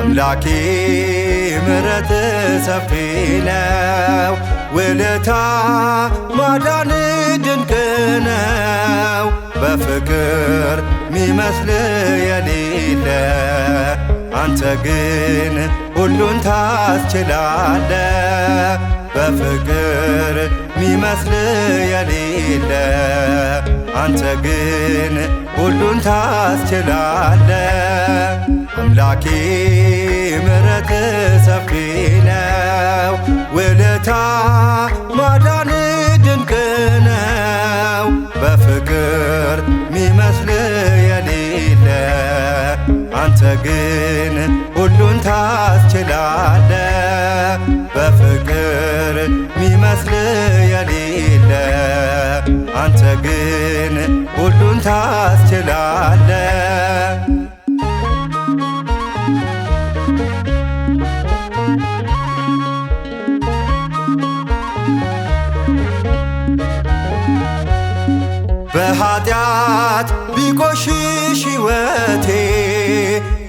አምላኬ ምረት ሰፊ ነው፣ ውለታ ማዳን ድንቅ ነው። በፍቅር ሚመስል የሌለ አንተ ግን ሁሉን ታስችላለ። በፍቅር ሚመስል የሌለ አንተ ግን ሁሉን ታስችላለ። አምላኬ ምሕረት ሰፊ ነው፣ ውለታ ማዳን ድንቅ ነው። በፍቅር ሚመስል የሌለ አንተ ግን ሁሉን ታስችላለ። በፍቅር ሚመስል የሌለ አንተ ግን ሁሉን ታስችላለ በኃጢአት ቢቆሽሽ ሕይወቴ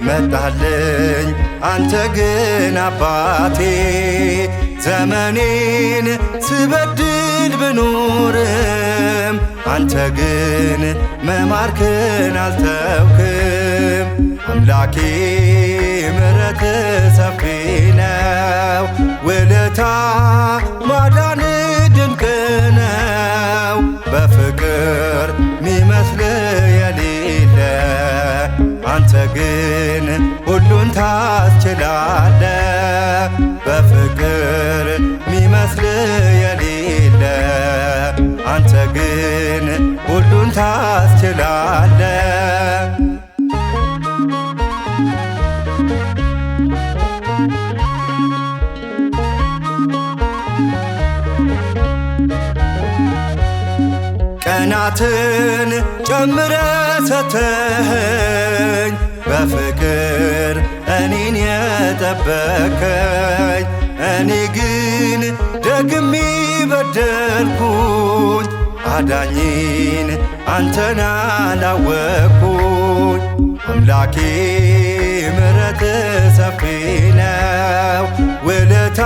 መጣልኝ አንተ ግን አባቴ ዘመኔን ስበድል ብኖርም አንተ ግን መማርክን አልተውክም። አምላኬ ምሕረት ሰፊ ነው ውለታ ግን ሁሉን ታስችላለ በፍቅር ሚመስል የሌለ አንተ ግን ሁሉን ታስችላለ ቀናትን ጨምረ ሰተኸኝ በፍቅር እኔን የጠበከኝ እኔ ግን ደግሜ በደልኩኝ አዳኝን አንተን አላወቅኩኝ አምላኬ ምሕረት ሰፊ ነው ውለታ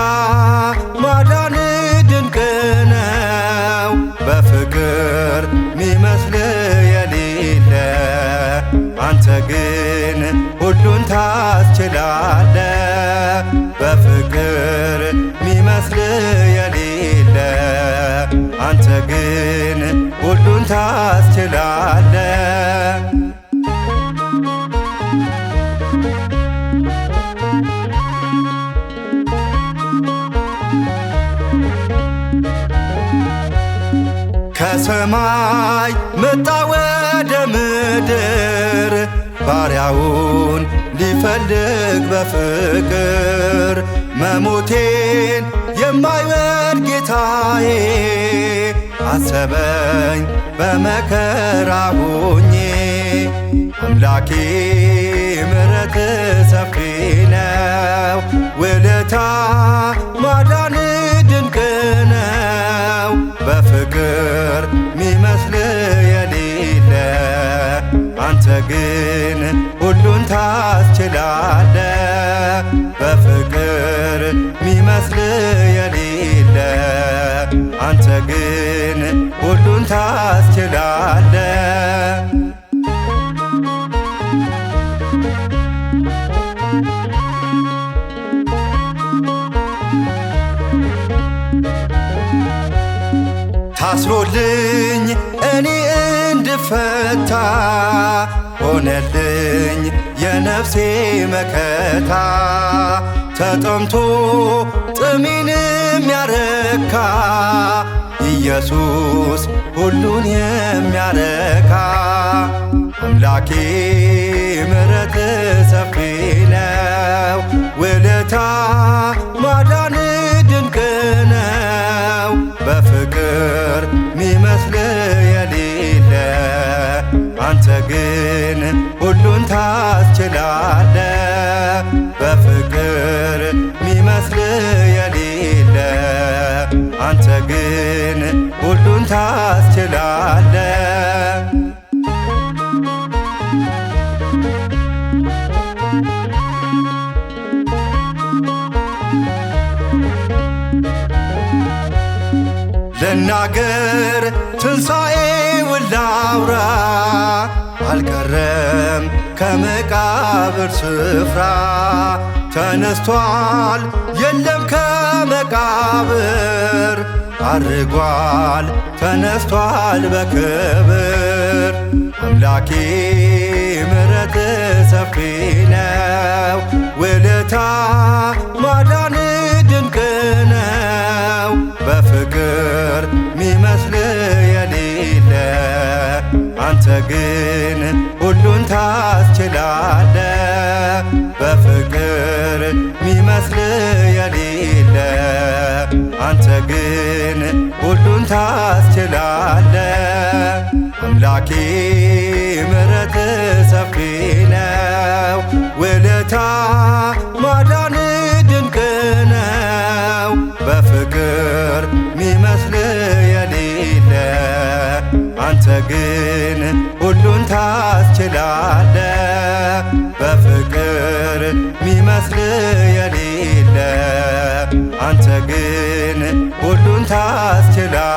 ግን ሁሉን ታስችላለ በፍቅር ሚመስል የሌለ አንተ ግን ሁሉን ታስችላለ ከሰማይ መጣወ ባሪያውን ሊፈልግ በፍቅር መሞቴን የማይወድ ጌታዬ አሰበኝ በመከራ ሆኜ አምላኬ ምረት ሰፊ ነው፣ ውለታ ማዳን ድንቅ ነው። በፍቅር ሚመስል የሌለ አንተ ግን ታስችላለ በፍቅር ሚመስል የሌለ አንተ ግን ሁሉን ታስችላለ ታስሮልኝ እኔ እንድፈታ ሆነልኝ የነፍሴ መከታ ተጠምቶ ጥሜንም ያረካ ኢየሱስ ሁሉን የሚያረካ አምላኬ ምሕረት ሰፊ ነው ውለታ ፍቅር ሚመስል የሌለ አንተ ግን ሁሉን ታስችላለ ልናገር ትንሣኤ ውላውራ አልቀረም ከመቃብር ስፍራ ተነስቷል፣ የለም ከመቃብር አርጓል፣ ተነስቷል በክብር አምላኬ ምሕረት ሰፊ ነው ውለታ ማዳ ግን ሁሉን ታስችላለ በፍቅር ሚመስል የሌለ አንተ ግን ሁሉን ታስችላለ አምላኬ ምረት ሰፊ ነው ውለታ አንተ ግን ሁሉን ታስችላለ በፍቅር ሚመስል የሌለ አንተ ግን ሁሉን ታስችላለ